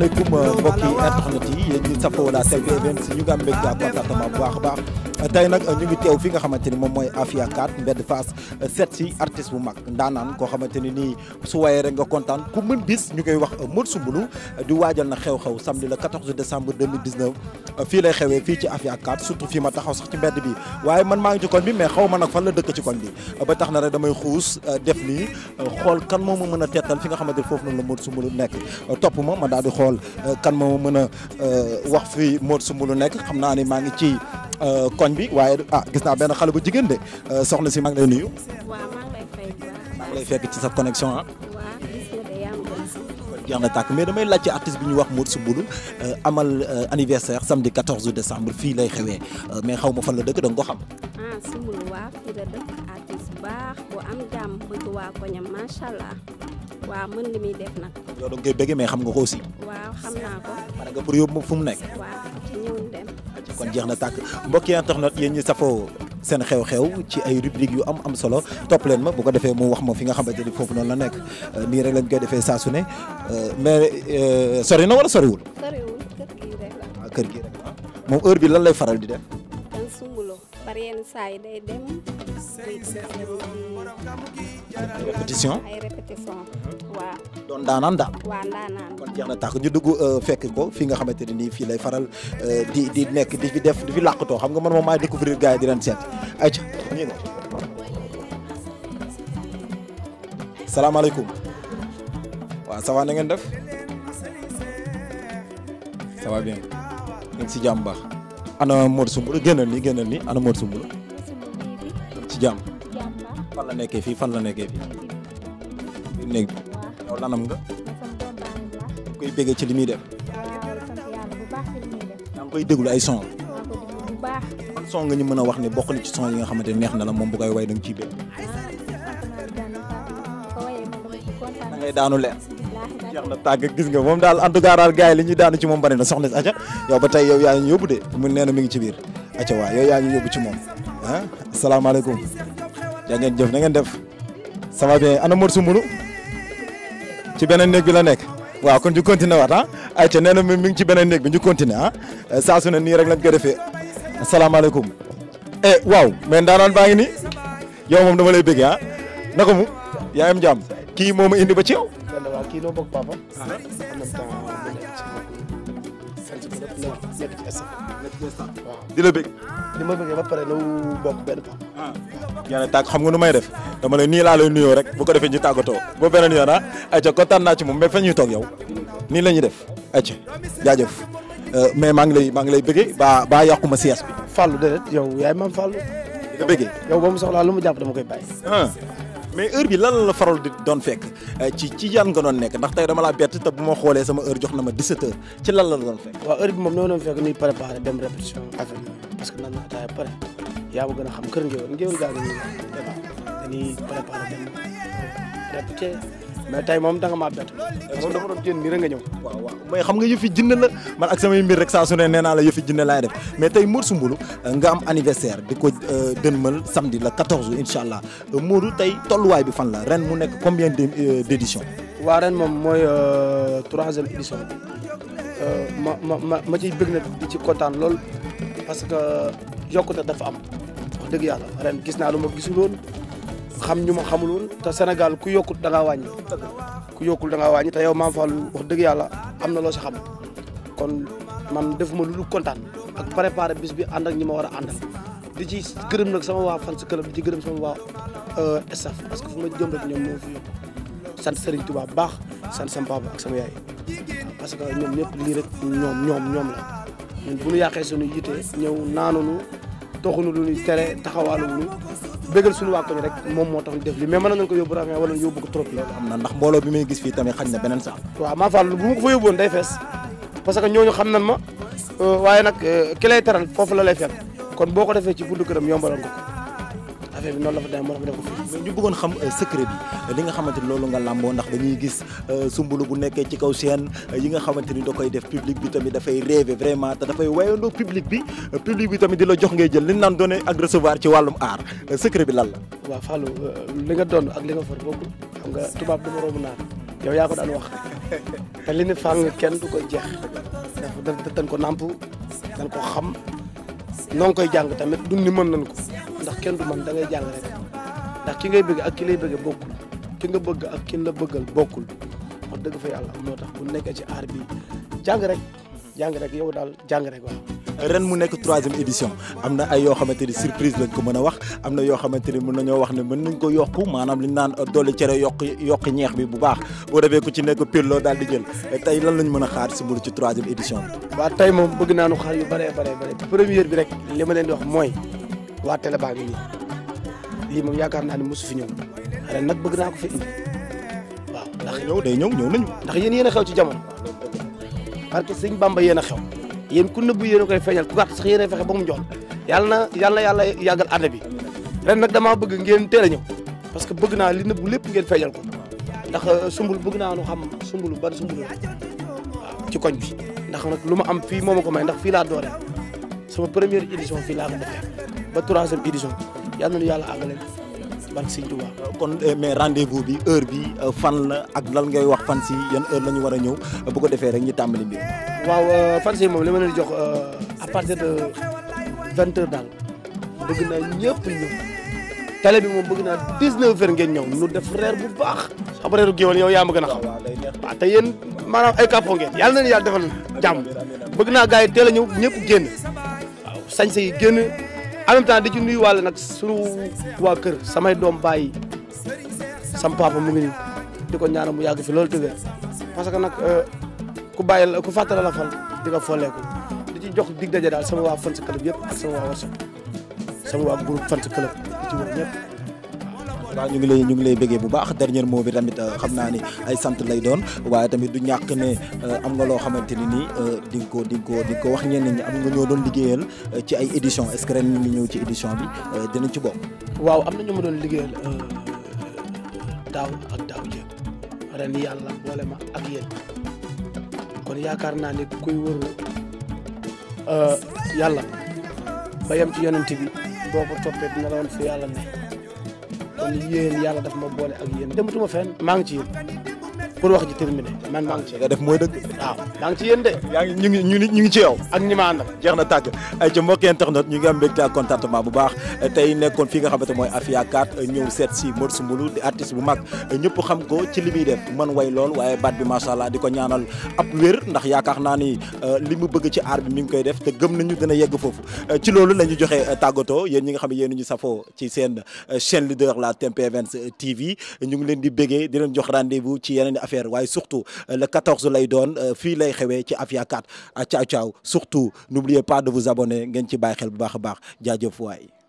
alaykoum mbokki internet yi yéen la ñu ak bu baax tey nag ñu ngi teew fi nga xamante ni moom mooy Afia 4 mbedd Fass seet si artiste bu mag ndaanaan koo xamante ni nii su waayee rek nga kontaan ku mën bis ñu koy wax Modou Soumboulou di waajal na xew-xew samedi le 14 décembre 2019 fii lay xewee fii ci Afia 4 surtout fii ma taxaw sax ci mbedd bi waaye man maa ngi ci koñ bi mais xaw ma nag fan la dëkk ci koñ bi ba tax na rek damay xuus def nii xool kan moo ma mën a teetal fi nga xamante ni foofu noonu la Modou Soumboulou nekk topp ma ma daal di xool kan moo ma mën a euh, wax fi Modou Soumboulou nekk xam naa ni maa ngi ci Euh, koñ bi waaye a ah, gis naa benn xale bu jigéen de euh, soxna si maa ngi lay nuyu. waaw maa lay fekk ci sa connexion ah. jeex na tàkk mais damay laaj ci artiste bi ñu wax Modou Soumboulou euh, amal anniversaire samedi 14 décembre fii lay xewee mais xaw ma fan la dëkk danga ko xam. ah Soumboulou waaw fii la dëkk artiste baax bu am jàmm bëgg waa koñam macha allah waaw mën li muy def nag. yow da nga koy bëggee mais xam nga ko aussi. waaw xam naa ko. pour yóbbu fu mu nekk. kon jeex na tàkk mbokki internet yéen ñi safoo seen xew-xew ci ay rubrique yu am am solo top leen ma bu ko defee mu wax ma fi nga xamante ni foofu noonu la nekk euh, nii rek lañ koy defee saa su ne euh, mais euh, sori na wala soriwul. soriwul kër gii rek la. Ah, kër gii rek moom heure bi lan lay faral di def. expérience ay day dem répétition ay répétition waaw doon daanaan daal waaw kon ñu dugg fekk ko nga lay faral eh, di di nekk di fi def di fi làqatoo xam nga man moom maay découvrir gars di leen seet ay ca ñu ne ça va na ngeen def ça va bien si ana Modou Soumboulou génnal nii génnal nii ana Modou Soumboulou ci jàmm fan la nekkee fii fan la nekkee fii néeg bi yow lanam nga koy béggee ci li muy def yaa ngi koy déglu ay son nga ñu mën a wax ne bokk na ci son yi nga xamante neex na la moom bu koy way da ci ciy bég da ngay daanu leen jeex na tàgg gis nga moom daal en tout cas daal gars yi li ñuy daanu ci moom bari na soxna si aca yow ba tey yow yaa ñu yóbbu de mu nee na ngi ci biir aca waaw yow yaa ñu yóbbu ci moom ah asalaamaaleykum yaa ngeen jëf na ngeen def ça va bien ana Mor Sumbulu beneen néeg bi la nekk waaw kon ñu continuer waat ah. nee na mi ngi ci beneen néeg bi ñu continuer ah nii rek lañ ko defee asalaamaaleykum eh, waaw mais ndaanaan baa ngi ni yow moom dama lay bëgg ah naka mu yaa kii moo ma indi ba ci kii noo bokk papa. Ah, ah. en même temps di la bëgg. di ma bëggee ba pare nu bokk benn papa. waaw ah. yàlla xam nga nu may def dama ne nii laa nuyoo rek bu ko defee ñu tàggatoo boo beneen yoon ah ayca kontaan naa ci moom mais fa ñuy toog yow nii la ñuy def ayca jaajëf euh, mais maa ngi lay maa ngi lay bëggee ba ba yàquma siyaas bi. Fallou déedéet yow yaay maam Fallou. di la bëggee yow ba mu soxlaa lu mu jàpp dama koy bàyyi. mais heure bi lan la faral di doon fekk euh, ci ci yan nga doon nekk ndax tey dama la bett te bu ma xoolee sama heure jox na ma 17 heures ci lan la doon fekk. waaw heure bi moom ñoo doon fekk ñuy préparé dem répétition affaire parce que nan naa taay pare yaa gën a xam kër ngéwél ngéwél gaa ngi nii dañuy préparé dem répété. mais nah, tey moom da nga maa bett moom dafa doon génn nii rek nga ñëw waaw waaw mais xam nga yëfi jinne la man ak samay mbir rek saa su ne nee naa la yëfi jinne laay def mais tey Modou Soumboulou nga am anniversaire di ko euh, samedi la 14 incha allah euh, Modou tey tolluwaay bi fan la ren mu nekk combien d' euh, édition waa ren moom mooy troisième édition ma ma ma ma ciy bëgg na di ci kontaan lool parce que yokkute dafa am wax dëgg yàlla ren gis naa lu ma gisul woon xam ñu ma xamul te Sénégal ku yokkut da ngaa wàññi ku yokkul da ngaa te yow Mame Fallou wax dëgg yàlla am na loo si xam kon man defuma lu dul kontaan ak préparé bis bi ànd ak ñi ma war a àndal di ci gërëm nag sama waa fan si club di ci gërëm sama waa euh, staff parce que fu ma jëm rek ñoom ñoo fi yokk sant Serigne Touba baax sant sama papa ak sama yaay parce que ñoom lii rek ñoom la ñun bu ñu yàqee suñu yite ñëw naanunu doxunu lu ñuy tere taxawaalu wu ñu bëggal suñu waa koñ rek moom moo tax ñu def li mais mën nañ ko yóbbu rafet wala yóbbu ko trop loolu am na ndax mbooloo bi may gis fii tamit xañ na beneen sax waaw maa fàll bu ma ko fa yóbboon day fees parce que ñooñu xam nañ ma euh, waaye nag euh, ki lay teral foofu la lay kon boo ko defee ci buntu këram yombalal ko affaire bi noonu la fa demee moo tax xam euh, secret bi euh, nga xamante ni loolu nga làmboo ndax dañuy gis euh, sumbulu bu nekkee ci kaw seen yi nga xamante ni da koy def public bi tamit dafay rêver vraiment te dafay wayandoo public bi public bi tamit di la jox ngay jël li naan doone ak recevoir ci wàllum art bi lan la. waaw Fallou li nga doon ak li nga far bokkul xam nga tubaab du ma romb naan yow yaa ko daan wax te li ne fàng kenn du koy jeex dafa dañ ko nàmp dañ ko xam noo ngi koy jàng tamit du ni mën nañ ko. kenn du man da ngay jàng rek ndax ki ngay bëgg ak ki bëgg bokkul nga bëgg ak ki la bëggal bokkul wax dëgg fa yàlla moo tax bu nekk ci aar bi jàng rek jàng rek yow daal jàng rek waaw. ren mu nekk édition am na ay yoo xamante ni surprise lañ ko mën a wax na yoo xamante ni mën nañoo wax ne mën nañ ko yokk maanaam li ñu naan dolli cere yokk yokk ñeex bi bu baax boo defee ko ci nekk pirloo daal di jël tey lan lañ mën a xaar si ci troisième édition bi. waaw tey moom bëgg naa nu xaar yu bëree bëri première bi rek li ma leen di wax mooy. watale télé baa ngi nii lii moom yaakaar naa ne fi ñew ala nak bëgg na ko fi indi waaw ndax ñëw day ñew ñew nañu ndax yeen yéen a xew ci jamm barke que Bamba yéen a xew yeen ku neub yéen a koy feeñal ku gàtt sax yéen a ba mu njool yalla na yalla yalla yagal ande bi ren nak dama bëgg ngeen téla a parce que bëgg na li neub lepp ngeen feeñal ko ndax euh, sumbul bëgg na ñu xam sumbul ba sumbul ci koñ bi ndax nak luma am fi momako may ndax fi la doore sama première édition fi la ko defee ba troisième édition yal nañu yàlla àggale barke seigne Touba kon eh, mais rendez-vous bi heure bi euh, fan la ak lan ngay wax fan si yeen heure lañu wara ñew bu ko defé rek ñu tambali bi waaw euh, fan si mom li leen jox euh, à partir de 20 heures dal bëgg na ñepp ñëw télé bi mom bëgg na 19 neuf heures ngeen ñew nu def reer bu baax xam reeru géwal yow yaa ma gën xam waaw te yéen ay kàppoo ngeen yalla nañu yalla defal jamm bëgg na gaay yi teel ñepp ñëw waaw en même temps di ci nuyu wàll nag sunu waa kër samay doom bàyyi sam papa mu ngi nii di ko ñaanal mu yàgg fi loolu tëddee parce que nag euh, ku bàyyi ku fàttali la fal di nga folleeku di ci jox dig daje daal sama waa fan si club yëpp ak sama waa WhatsApp sama waa groupe fan si club di ci wër ñëpp. waaw ñu ngi lay ñu ngi lay bëggee bu baax dernier mot bi tamit euh, xam naa ni ay sant lay doon waaye tamit du ñàkk ne euh, am nga loo xamante ni nii euh, di nga di nga di ko wax ñenn ñi am nga ñoo doon liggéeyal ci ay édition est-ce que ñëw ci édition bi dinañ ci bokk. waaw am na ñu ma doon liggéeyal daaw ak daaw jéem ren yàlla boole ma ak yéen kon yaakaar naa ne kuy wër yàlla ba yem ci yonent bi boo ko toppee dina la woon fi yàlla ne. kon yéen yàlla daf ma boole ak yéen dematuma fenn maa ngi ci yéen pour wax ji terminé man maa ngi ci nga def mooy dëgg waaw yaa ngi ci yéen de. yaa ngi ñu ngi ñu ngi ñu ngi ci yow. ak ñi ma àndal jeex na tàgg ay ci mbokki internet ñu ngi am mbégte ak contentement bu baax tey nekkoon fii nga xamante mooy Afia 4 ñëw seet si Modou Soumboulou di artiste bu mag ñëpp xam ko ci li muy def man way lool waaye baat bi macha allah di ko ñaanal ab wér ndax yaakaar naa ni euh, li mu bëgg ci aar bi mi ngi koy def te gëm nañu dina yegg foofu euh, ci loolu la ñu joxe euh, tàggatoo yéen ñi nga xam ne yéen ñu safoo ci seen chaîne leader la TMP Events TV ñu ngi leen di béggee di leen jox rendez-vous ci yeneen affaire waaye surtout le 14 lay doon fii lay xewee ci Afia 4 a ciao, caaw surtout n'oubliez pas de vous abonner ngeen ci bàyyi xel bu baax a baax jaajëf waay